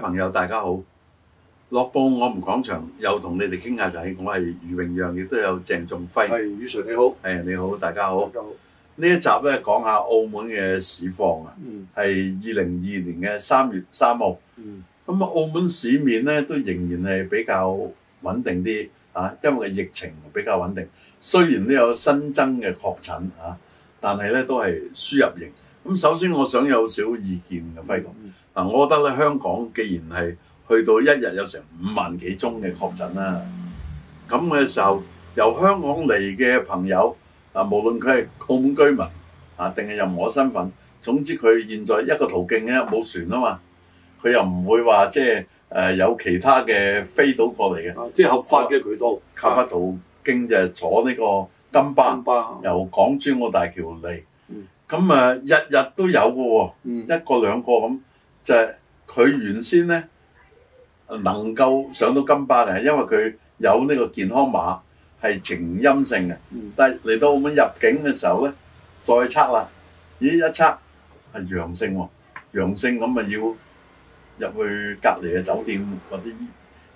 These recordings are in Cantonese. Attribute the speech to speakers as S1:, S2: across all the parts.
S1: 朋友大家好，樂報我哋講場，又同你哋傾下偈。我係余榮陽，亦都有鄭仲輝。係余 Sir 你好，係、哎、你好，大家好。家好，呢一集咧講下澳門嘅市況啊，係二零二二年嘅三月三號。咁啊、嗯嗯，澳門市面咧都仍然係比較穩定啲啊，因為疫情比較穩定。雖然都有新增嘅確診啊，但係咧都係輸入型。咁首先我想有少意見嘅輝哥，嗱、就是，我覺得咧香港既然係去到一日有成五萬幾宗嘅確診啦，咁嘅、嗯、時候由香港嚟嘅朋友，啊，無論佢係澳門居民啊，定係任何身份，總之佢現在一個途徑咧冇船啊嘛，佢又唔會話即係誒有其他嘅飛到過嚟嘅，即係、啊就是、合法嘅佢、啊、都合法途徑就係坐呢個金巴，金巴啊、由港珠澳大橋嚟。咁啊，日日都有嘅喎、哦，嗯、一個兩個咁就係、是、佢原先咧能夠上到金巴嘅，因為佢有呢個健康碼係呈陰性嘅。但係嚟到澳門入境嘅時候咧，再測啦，咦一測係陽性喎、哦，陽性咁咪要入去隔離嘅酒店或者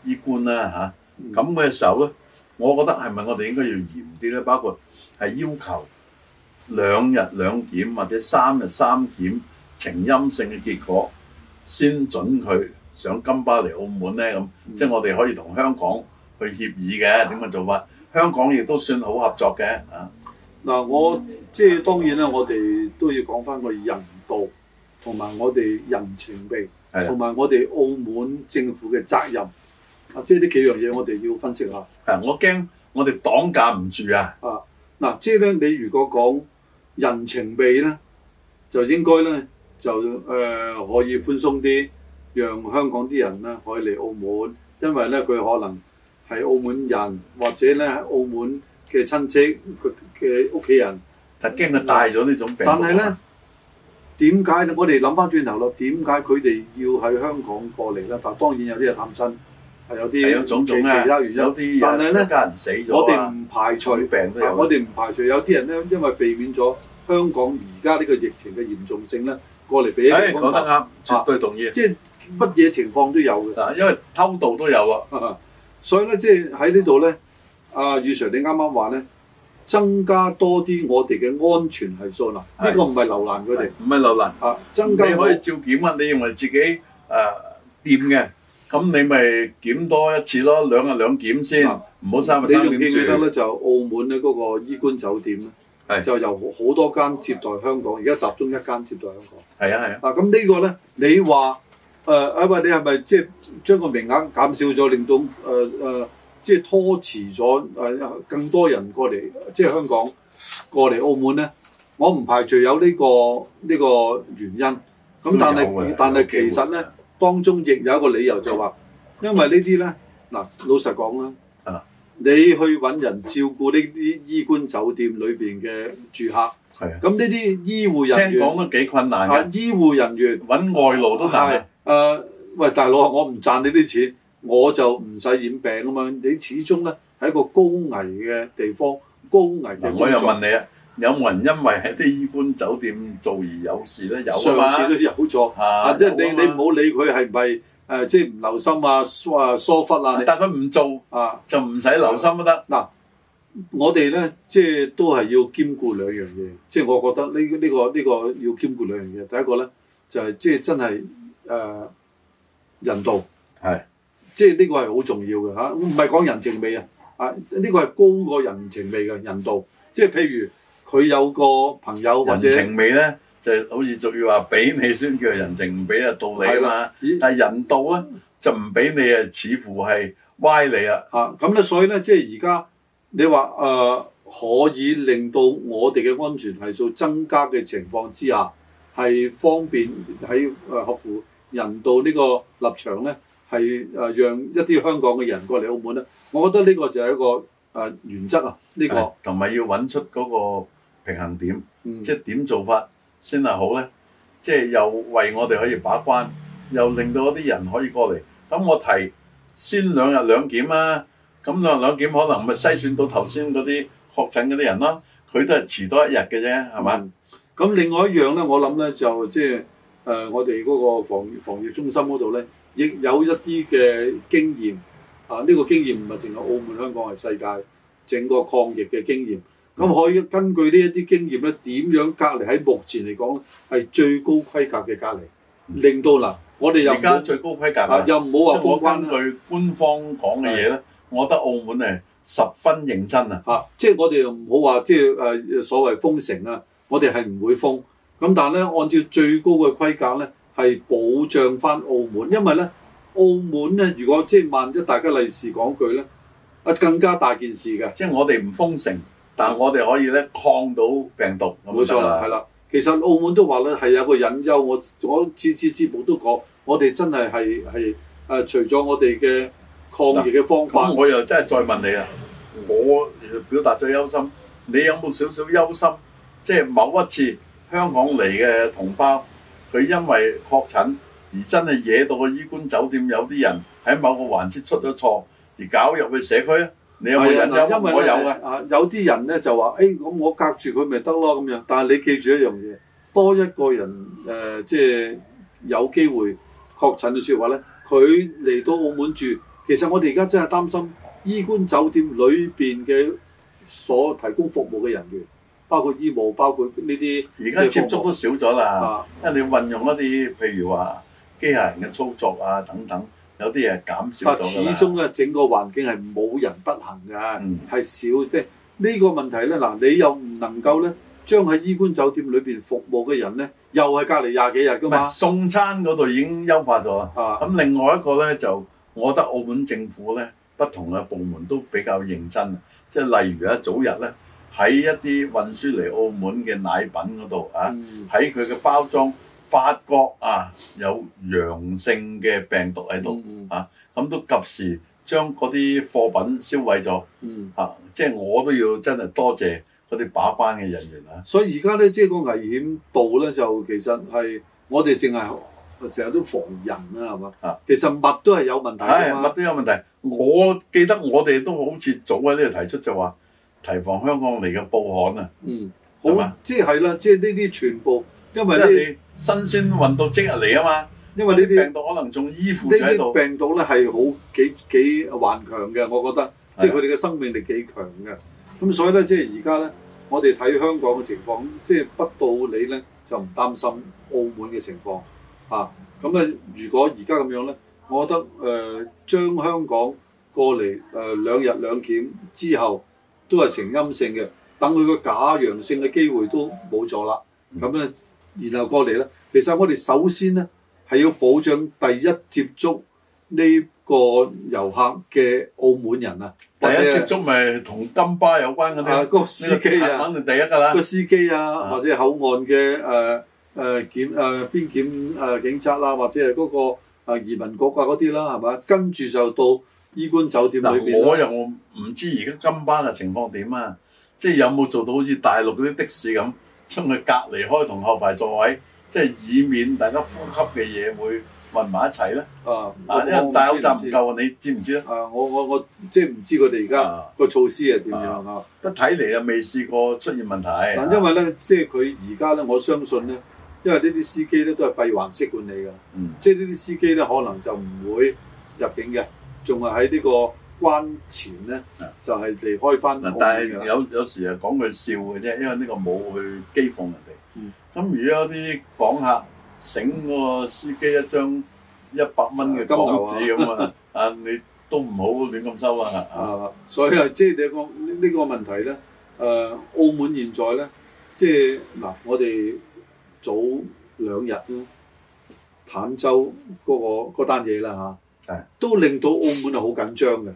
S1: 醫醫官啦、啊、嚇。咁、啊、嘅、嗯、時候咧，我覺得係咪我哋應該要嚴啲咧？包括係要求兩日兩檢或者三日三檢呈陰性嘅結果先準佢上金巴嚟澳門咧，咁、嗯、即係我哋可以同香港去協議嘅點樣做法。香港亦都算好合作嘅啊。嗱、嗯，我即係當然啦，我哋都要講翻個人道同埋我哋人情味，同埋是的 我哋澳門政府嘅責任啊，即係呢幾樣嘢我哋要分析下。誒，我驚我哋擋架唔住啊！啊，嗱，即係咧，你如果講人情味咧，就應該咧就誒、呃、可以寬鬆啲，讓香港啲人咧可以嚟澳門，因為咧佢可能係澳門人或者咧澳門嘅親戚佢嘅屋企人，但驚佢帶咗呢種病。但係咧，點解我哋諗翻轉頭咯？點解佢哋要喺香港過嚟咧？但當然有啲人探親。係有啲有種種啊，有啲有一家人死咗啲病我哋唔排除，病都有、啊，我哋唔排除有啲人咧，因為避免咗香港而家呢個疫情嘅嚴重性咧，過嚟俾。係講得啱，啊、絕對同意。啊、即係乜嘢情況都有嘅，因為偷渡都有啊。所以咧，即係喺呢度咧，阿、啊、雨 Sir 你啱啱話咧，增加多啲我哋嘅安全係數啦。呢是個唔係留難佢哋，唔係留難。啊，增加你可以照檢啊！你認為自己誒掂嘅。呃啊啊啊啊咁、嗯、你咪檢多一次咯，兩日兩檢先，唔好三日三檢。你仲記得咧就是、澳門咧嗰個衣冠酒店咧，的就由好多間接待香港，而家集中一間接待香港。係啊係啊。嗱、嗯、咁、這個、呢個咧，你話誒啊？喂、呃，你係咪即係將個名額減少咗，令到誒誒、呃呃，即係拖遲咗誒更多人過嚟即係香港過嚟澳門咧？我唔排除有呢、這個呢、這個原因。咁但係、嗯啊、但係其實咧。當中亦有一個理由，就話因為呢啲咧嗱，老實講啦，啊、你去揾人照顧呢啲醫觀酒店裏邊嘅住客，咁呢啲醫護人員講得幾困難嘅、啊。醫護人員揾外勞都難的。係、啊、喂大佬，我唔賺你啲錢，我就唔使染病吖嘛。你始終咧係一個高危嘅地方，高危嘅工作。我又問你啊。有冇人因為喺啲醫觀酒店做而有事咧？有啊嘛，上次都有做，即係、啊、你你唔好理佢係咪誒，即係唔留心啊，疏啊疏忽啊。但係佢唔做啊，就唔使留心都得。嗱、啊，我哋咧即係都係要兼顧兩樣嘢，即係我覺得呢、這、呢個呢、呢個要兼顧兩樣嘢。第一個咧就係即係真係誒人道係，即係呢、啊對呢個係好重要嘅嚇，唔係講人情味啊啊！呢、呢個係高過人情味嘅人道，即係譬如。佢有個朋友人情味咧，就係好似仲要話，俾你先叫人情，唔俾啊道理啊嘛。的但係人道咧就唔俾你啊，似乎係歪理啦嚇。咁咧、啊，所以咧，即係而家你話誒、呃、可以令到我哋嘅安全係數增加嘅情況之下，係方便喺誒、呃、合乎人道呢個立場咧，係誒讓一啲香港嘅人過嚟澳門咧。我覺得呢個就係一個誒、呃、原則啊，呢個同埋要揾出嗰個。平衡點，嗯、即係點做法先係好咧？即係又為我哋可以把關，又令到嗰啲人可以過嚟。咁我提先兩日兩檢啊！咁兩日兩檢可能咪篩選到頭先嗰啲確診嗰啲人咯。佢都係遲多一日嘅啫，係嘛？咁、嗯、另外一樣咧，我諗咧就即係誒，我哋嗰個防疫防疫中心嗰度咧，亦有一啲嘅經驗。啊，呢、呢個經驗唔係淨係澳門、香港係世界整個抗疫嘅經驗。咁可以根據呢一啲經驗咧，點樣隔離喺目前嚟講咧，係最高規格嘅隔離，令到嗱，我哋又而家最高規格啊，又唔好話過返去官方講嘅嘢咧，是我覺得澳門咧十分認真啊！嚇、啊，即係我哋又唔好話即係誒、啊、所謂封城啊，我哋係唔會封，咁但係咧，按照最高嘅規格咧，係保障翻澳門，因為咧澳門咧，如果即係萬一大家利是講句咧，啊更加大件事嘅，即係我哋唔封城。但係我哋可以咧抗到病毒冇錯啦，係啦錯是。其實澳門都話咧係有個隱憂，我我次次節目都講，我哋真係係係誒，除咗我哋嘅抗疫嘅方法，我又真係再問你啊！我表達咗憂心，你有冇少少憂心？即係某一次香港嚟嘅同胞，佢因為確診而真係惹到個醫觀酒店有啲人喺某個環節出咗錯，而搞入去社區啊？係啊、嗯，因為咧啊，有啲人咧就話，誒、哎，咁我隔住佢咪得咯咁樣。但係你記住一樣嘢，多一個人誒、呃，即係有機會確診嘅説話咧，佢嚟到澳門住。其實我哋而家真係擔心醫官酒店裏邊嘅所提供服務嘅人員，包括醫務，包括呢啲。而家接觸都少咗啦，啊、因為你運用一啲譬如話機械人嘅操作啊等等。有啲嘢減少咗始終咧，整個環境係冇人不行㗎，係少啲。即係呢個問題咧，嗱，你又唔能夠咧，將喺衣冠酒店裏邊服務嘅人咧，又係隔離廿幾日㗎嘛。送餐嗰度已經優化咗啦。啊，咁另外一個咧，就我覺得澳門政府咧，不同嘅部門都比較認真，即係例如啊，早日咧喺一啲運輸嚟澳門嘅奶粉嗰度啊，喺佢嘅包裝。發覺啊，有陽性嘅病毒喺度嚇，咁、啊、都及時將嗰啲貨品燒毀咗嚇、嗯啊，即係我都要真係多謝嗰啲把關嘅人員啊！所以而家咧，即係個危險度咧，就其實係我哋淨係成日都防人啦，係嘛？啊，其實物都係有問題。唉，物都有問題。我記得我哋都好似早喺呢度提出就話提防香港嚟嘅報刊啊！嗯，好，吧即係係啦，即係呢啲全部，因為咧。因為 新鮮運到即日嚟啊嘛，因為呢啲病毒可能仲依附喺度。呢啲病毒咧係好幾幾頑強嘅，我覺得， 即係佢哋嘅生命力幾強嘅。咁所以咧，即係而家咧，我哋睇香港嘅情況，即係不到你咧就唔擔心澳門嘅情況。嚇、啊，咁咧如果而家咁樣咧，我覺得誒、呃、將香港過嚟誒、呃、兩日兩檢之後都係呈陰性嘅，等佢個假陽性嘅機會都冇咗啦。咁咧。 然後過嚟咧，其實我哋首先咧係要保障第一接觸呢個遊客嘅澳門人啊。第一接觸咪同金巴有關嗰啲啊，個司機啊，肯定第一噶啦。個司機啊、呃呃呃、啊，或者口岸嘅誒誒檢誒邊檢誒警察啦，或者係嗰個移民局啊嗰啲啦，係咪？跟住就到醫觀酒店裏邊。嗱、啊，我又唔知而家金巴嘅情況點啊，即係有冇做到好似大陸嗰啲的士咁？將佢隔離開同後排座位，即係以免大家呼吸嘅嘢會混埋一齊咧。啊，因為戴口罩唔夠啊，你知唔知咧？啊，我我我即係唔知佢哋而家個措施係點樣啊？一睇嚟啊，未試過出現問題。啊、但因為咧，即係佢而家咧，我相信咧，因為呢啲司機咧都係閉環式管理㗎。嗯，即係呢啲司機咧可能就唔會入境嘅，仲係喺呢個。關錢咧，就係、是、嚟開翻。但係有有時啊，講句笑嘅啫，因為呢個冇去譏諷人哋。咁、嗯、而家啲訪客醒個司機一張一百蚊嘅金紙咁啊，啊、啊 你都唔好亂咁收啊。啊，所以啊，即係你講呢個問題咧，誒、啊，澳門現在咧，即係嗱，我哋早兩日坦洲嗰、那個嗰單嘢啦吓，都令到澳門係好緊張嘅。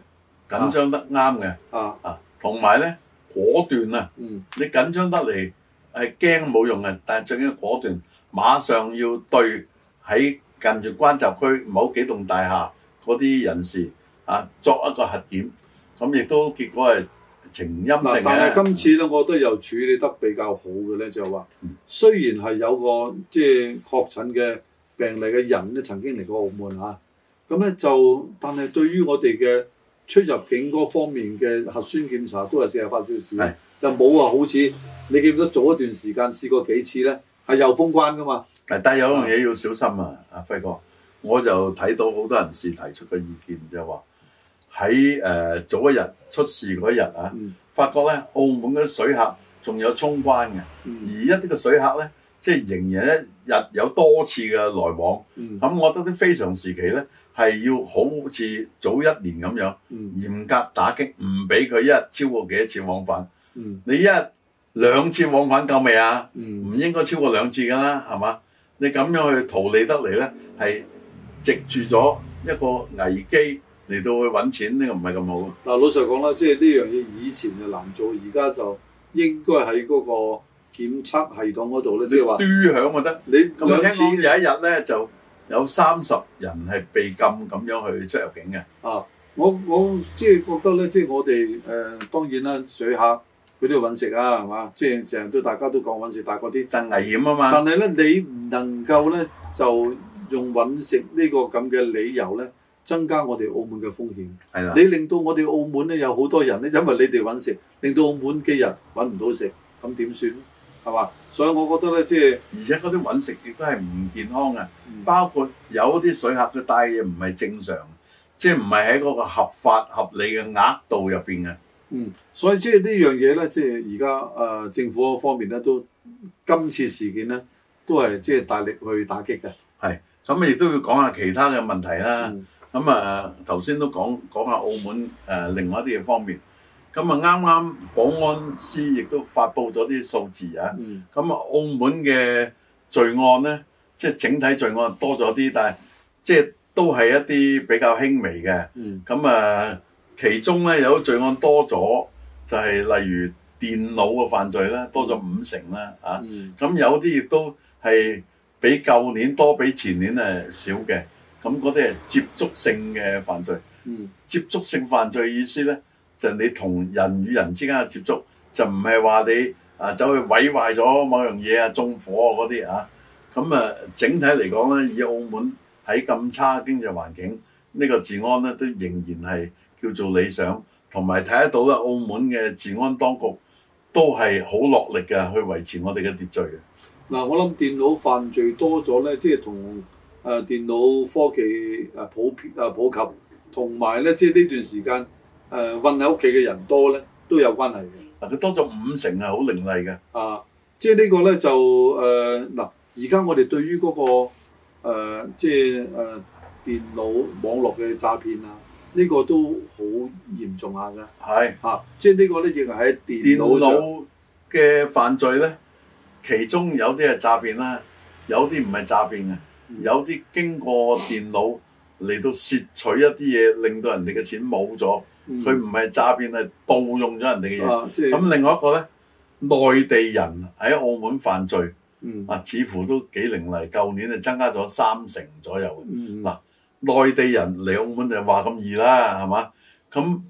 S1: 緊張得啱嘅、啊，啊啊，同埋咧果斷啊，你緊張得嚟係驚冇用嘅，但係最緊要果斷，馬上要對喺近住關閘區某幾棟大廈嗰啲人士啊作一個核檢，咁、啊、亦都結果係呈陰性、啊、但係今次咧，我覺得又處理得比較好嘅咧、就係嗯，就話雖然係有個即係確診嘅病例嘅人咧，曾經嚟過澳門嚇，咁、啊、咧就但係對於我哋嘅。出入境嗰方面嘅核酸檢查都係四十八小時，是就冇話好似你記，唔記得早一段時間試過幾次咧，係又封關噶嘛。係，但係有樣嘢要小心啊，阿是、啊、輝哥，我就睇到好多人士提出嘅意見就係話，喺誒、呃、早一日出事嗰一日啊，嗯、發覺咧澳門嘅水客仲有衝關嘅，嗯、而一啲嘅水客咧。即係仍然一日有多次嘅來往，咁、嗯、我覺得啲非常時期咧係要好似早一年咁樣嚴、嗯、格打擊，唔俾佢一日超過幾多次往返。嗯、你一日兩次往返夠未啊？唔、嗯、應該超過兩次噶啦，係嘛？你咁樣去逃離得嚟咧，係藉住咗一個危機嚟到去揾錢呢、呢個唔係咁好。嗱，老實講啦，即係呢樣嘢以前就難做，而家就應該喺嗰個，檢測系統嗰度咧，即係話嘟響就得。你有次有一日咧，就有三十人係被禁咁樣去出入境嘅。啊，我我即係覺得咧，即係我哋誒當然啦，水客佢都要揾食啊，係嘛？即係成日對大家都講揾食大過啲，但危險啊嘛。但係咧，你唔能夠咧就用揾食呢個咁嘅理由咧，增加我哋澳門嘅風險。係啦，你令到我哋澳門咧有好多人咧，因為你哋揾食，令到澳門嘅人揾唔到食，咁點算咧？係嘛？所以我覺得咧，即係而且嗰啲揾食亦都係唔健康嘅，嗯、包括有啲水客佢帶嘢唔係正常，即係唔係喺嗰個合法合理嘅額度入邊嘅。嗯，所以即係呢樣嘢咧，即係而家誒政府方面咧，都今次事件咧都係即係大力去打擊嘅。係，咁亦都要講下其他嘅問題啦。咁、嗯、啊，頭先都講講下澳門誒、呃、另外一啲嘢方面。咁啊，啱啱保安司亦都發布咗啲數字啊。咁、嗯、啊，澳門嘅罪案咧，即係整體罪案多咗啲，但係即係都係一啲比較輕微嘅。咁、嗯、啊，其中咧有罪案多咗，就係、是、例如電腦嘅犯罪咧多咗五成啦。啊，咁、嗯、有啲亦都係比舊年多，比前年誒少嘅。咁嗰啲係接觸性嘅犯罪。嗯、接觸性犯罪意思咧？就係你同人與人之間嘅接觸，就唔係話你啊走去毀壞咗某樣嘢啊縱火啊嗰啲啊，咁啊整體嚟講咧，以澳門喺咁差經濟環境，呢個治安咧都仍然係叫做理想，同埋睇得到啦，澳門嘅治安當局都係好落力嘅去維持我哋嘅秩序嘅。嗱，我諗電腦犯罪多咗咧，即係同誒電腦科技誒普遍啊普及，同埋咧即係呢段時間。誒、呃、運喺屋企嘅人多咧，都有關係嘅。嗱，佢多咗五成啊，好凌厲嘅。啊，即係呢個咧就誒嗱，而、呃、家我哋對於嗰、那個、呃、即係誒、呃、電腦網絡嘅詐騙、這個、是啊，個呢個都好嚴重下嘅。係。嚇！即係呢個咧，亦係喺電腦上嘅犯罪咧，其中有啲係詐騙啦，有啲唔係詐騙嘅，有啲經過電腦。嗯嗯嚟到竊取一啲嘢，令到人哋嘅錢冇咗，佢唔係詐騙，係盜用咗人哋嘅嘢。咁、啊、另外一個咧，內地人喺澳門犯罪，啊、嗯、似乎都幾凌厲。舊年就增加咗三成左右。嗱、嗯啊、內地人嚟澳門就話咁易啦，係嘛？咁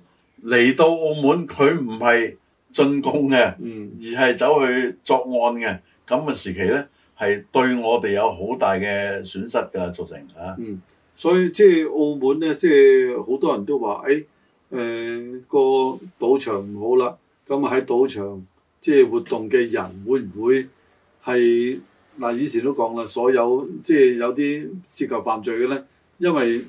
S1: 嚟到澳門佢唔係進攻嘅，嗯、而係走去作案嘅。咁嘅時期咧，係對我哋有好大嘅損失㗎，造成嚇。嗯。所以即係澳門咧，即係好多人都話，誒、欸，誒、呃、個賭場唔好啦。咁啊喺賭場即係活動嘅人會會，會唔會係嗱？以前都講啦，所有即係有啲涉及犯罪嘅咧，因為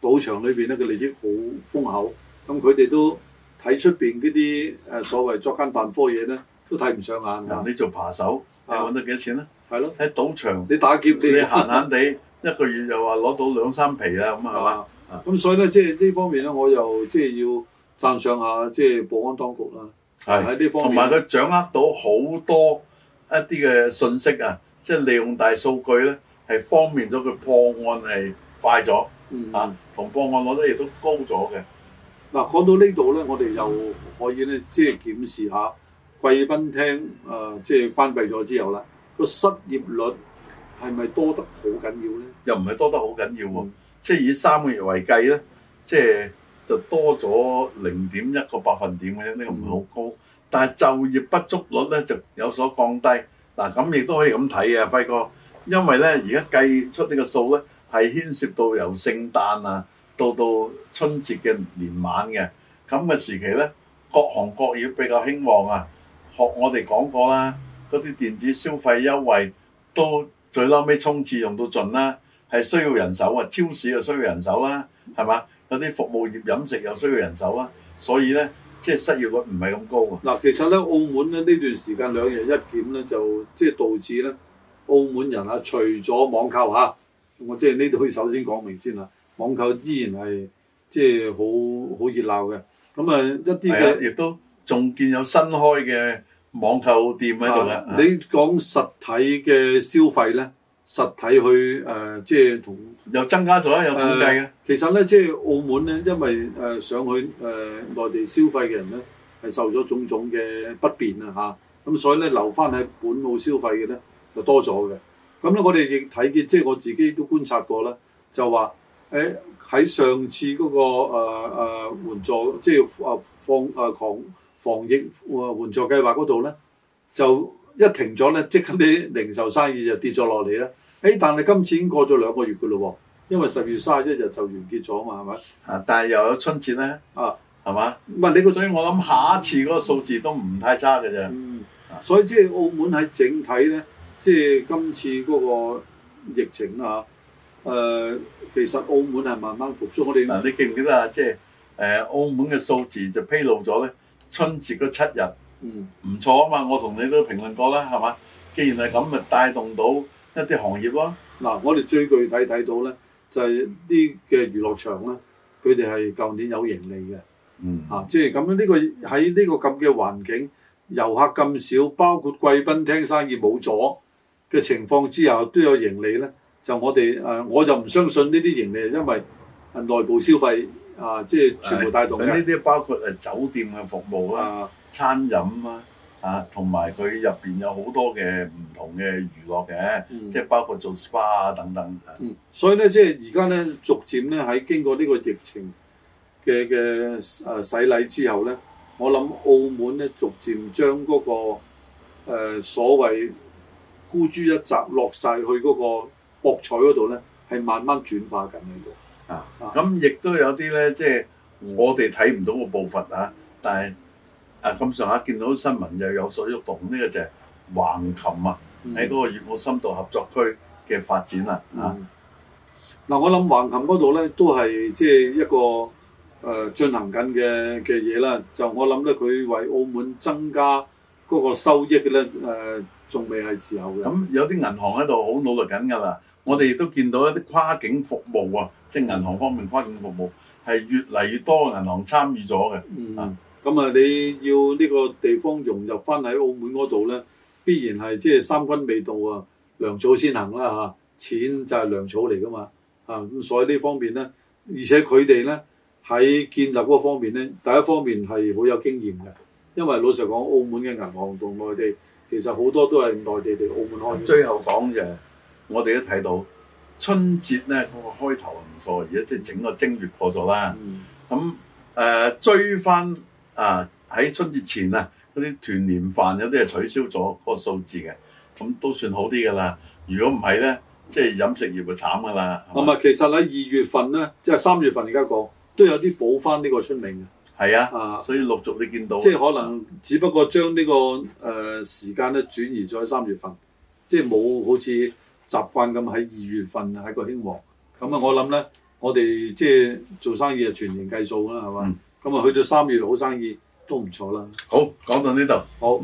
S1: 賭場裏邊咧嘅利益好豐厚，咁佢哋都睇出面嗰啲誒所謂作奸犯科嘢咧，都睇唔上眼。嗱，你做扒手，啊、你揾得幾多錢咧？係咯的，喺賭場，你打劫，你閒閒地。 一個月又話攞到兩三皮啦，咁係嘛？咁、啊、所以咧，即係呢方面咧，我又即係要讚賞下即係保安當局啦。係喺呢方面，同埋佢掌握到好多一啲嘅信息啊，即係利用大數據咧，係方便咗佢破案係快咗，嗯、啊同破案攞得亦都高咗嘅。嗱、啊、講到呢度咧，我哋又可以咧，即係檢視下貴賓廳誒、呃，即係關閉咗之後啦，個失業率。係咪多得好緊要呢？又唔係多得好緊要喎，即係以三個月為計呢，即係就多咗零點一個百分點嘅。呢個唔係好高。但係就業不足率呢就有所降低，嗱咁亦都可以咁睇啊，輝哥。因為呢而家計出呢個數呢，係牽涉到由聖誕啊到到春節嘅年晚嘅咁嘅時期呢，各行各業比較興旺啊，學我哋講過啦，嗰啲電子消費優惠都，最撈尾衝刺用到盡啦，係需要人手啊！超市又需要人手啊，係嘛？有啲服務業飲食又需要人手啊，所以咧，即係失業率唔係咁高啊。嗱，其實咧，澳門咧呢段時間兩日一檢咧，就即係導致咧澳門人啊，除咗網購嚇，我、啊、即係呢度可以首先講明先啦。網購依然係即係好好熱鬧嘅，咁啊一啲嘅，亦都仲見有新開嘅。網購店喺度啦，你講實體嘅消費咧，實體去誒，即係同又增加咗啦，有統計嘅。其實咧，即係澳門咧，因為誒想去誒內地消費嘅人咧，係受咗種種嘅不便啊吓，咁所以咧留翻喺本澳消費嘅咧就多咗嘅。咁咧，我哋亦睇見，即係我自己都觀察過啦，就話誒喺上次嗰個誒援助，即係誒放誒擴。啊防疫援助計劃嗰度咧，就一停咗咧，即刻啲零售生意就跌咗落嚟啦。誒、哎，但係今次已經過咗兩個月噶咯，因為十月卅一日就完結咗啊嘛，係咪？啊，但係又有春節咧，啊，係嘛？唔係你個，所以我諗下一次嗰個數字都唔太差嘅啫。嗯，啊、所以即係澳門喺整體咧，即係今次嗰個疫情啊，誒、呃，其實澳門係慢慢復甦。我哋嗱，你記唔記得啊？即係誒澳門嘅數字就披露咗咧。春節個七日，嗯、唔錯啊嘛！我同你都評論過啦，係嘛？既然係咁，咪帶動到一啲行業咯。嗱，我哋最具體睇到咧，就係呢嘅娛樂場咧，佢哋係舊年有盈利嘅，嚇、嗯。即係咁樣，呢、呢個喺呢個咁嘅環境，遊客咁少，包括貴賓廳生意冇咗嘅情況之下，都有盈利咧。就我哋誒、呃，我就唔相信呢啲盈利，因為內部消費。啊！即係全部帶動呢啲，包括誒酒店嘅服務啦、啊、餐飲啦啊，同埋佢入邊有好多嘅唔同嘅娛樂嘅，即係、嗯、包括做 SPA 等等。嗯、所以咧，即係而家咧，逐漸咧喺經過呢個疫情嘅嘅誒洗禮之後咧，我諗澳門咧逐漸將嗰、那個、呃、所謂孤注一擲落晒去嗰個博彩嗰度咧，係慢慢轉化緊呢度。啊！咁亦都有啲咧，即係我哋睇唔到嘅部分啊，但係啊咁上下見到新聞又有所喐動，呢個就係橫琴啊，喺嗰個粵澳深度合作區嘅發展啊！啊，嗱，我諗橫琴嗰度咧都係即係一個誒進行緊嘅嘅嘢啦。就我諗咧，佢為澳門增加嗰個收益嘅咧誒，仲未係時候嘅。咁有啲銀行喺度好努力緊㗎啦。我哋亦都見到一啲跨境服務啊，即係銀行方面跨境服務係越嚟越多銀行參與咗嘅。嗯。咁啊，你要呢個地方融入翻喺澳門嗰度咧，必然係即係三軍未到啊，糧草先行啦吓、啊。錢就係糧草嚟噶嘛。啊，咁所以呢方面咧，而且佢哋咧喺建立嗰方面咧，第一方面係好有經驗嘅，因為老實講，澳門嘅銀行同外地其實好多都係內地嚟澳門開。最後講就。我哋都睇到春節咧嗰個開頭唔錯，而家即係整個正月過咗啦。咁誒、嗯嗯、追翻啊喺春節前啊嗰啲團年飯有啲係取消咗個數字嘅，咁、嗯、都算好啲噶啦。如果唔係咧，即係飲食業就慘噶啦。咁係、嗯，吧其實喺二月份咧，即係三月份而家講都有啲補翻呢個春茗嘅。係啊，啊所以陸續你見到即係、啊就是、可能，只不過將呢、這個誒、呃、時間咧轉移咗喺三月份，即係冇好似。習慣咁喺二月份啊喺個興旺，咁啊我諗咧，我哋即係做生意啊，全年計數啦，係嘛？咁啊、嗯、去到三月好生意都唔錯啦。好，講到呢度。好。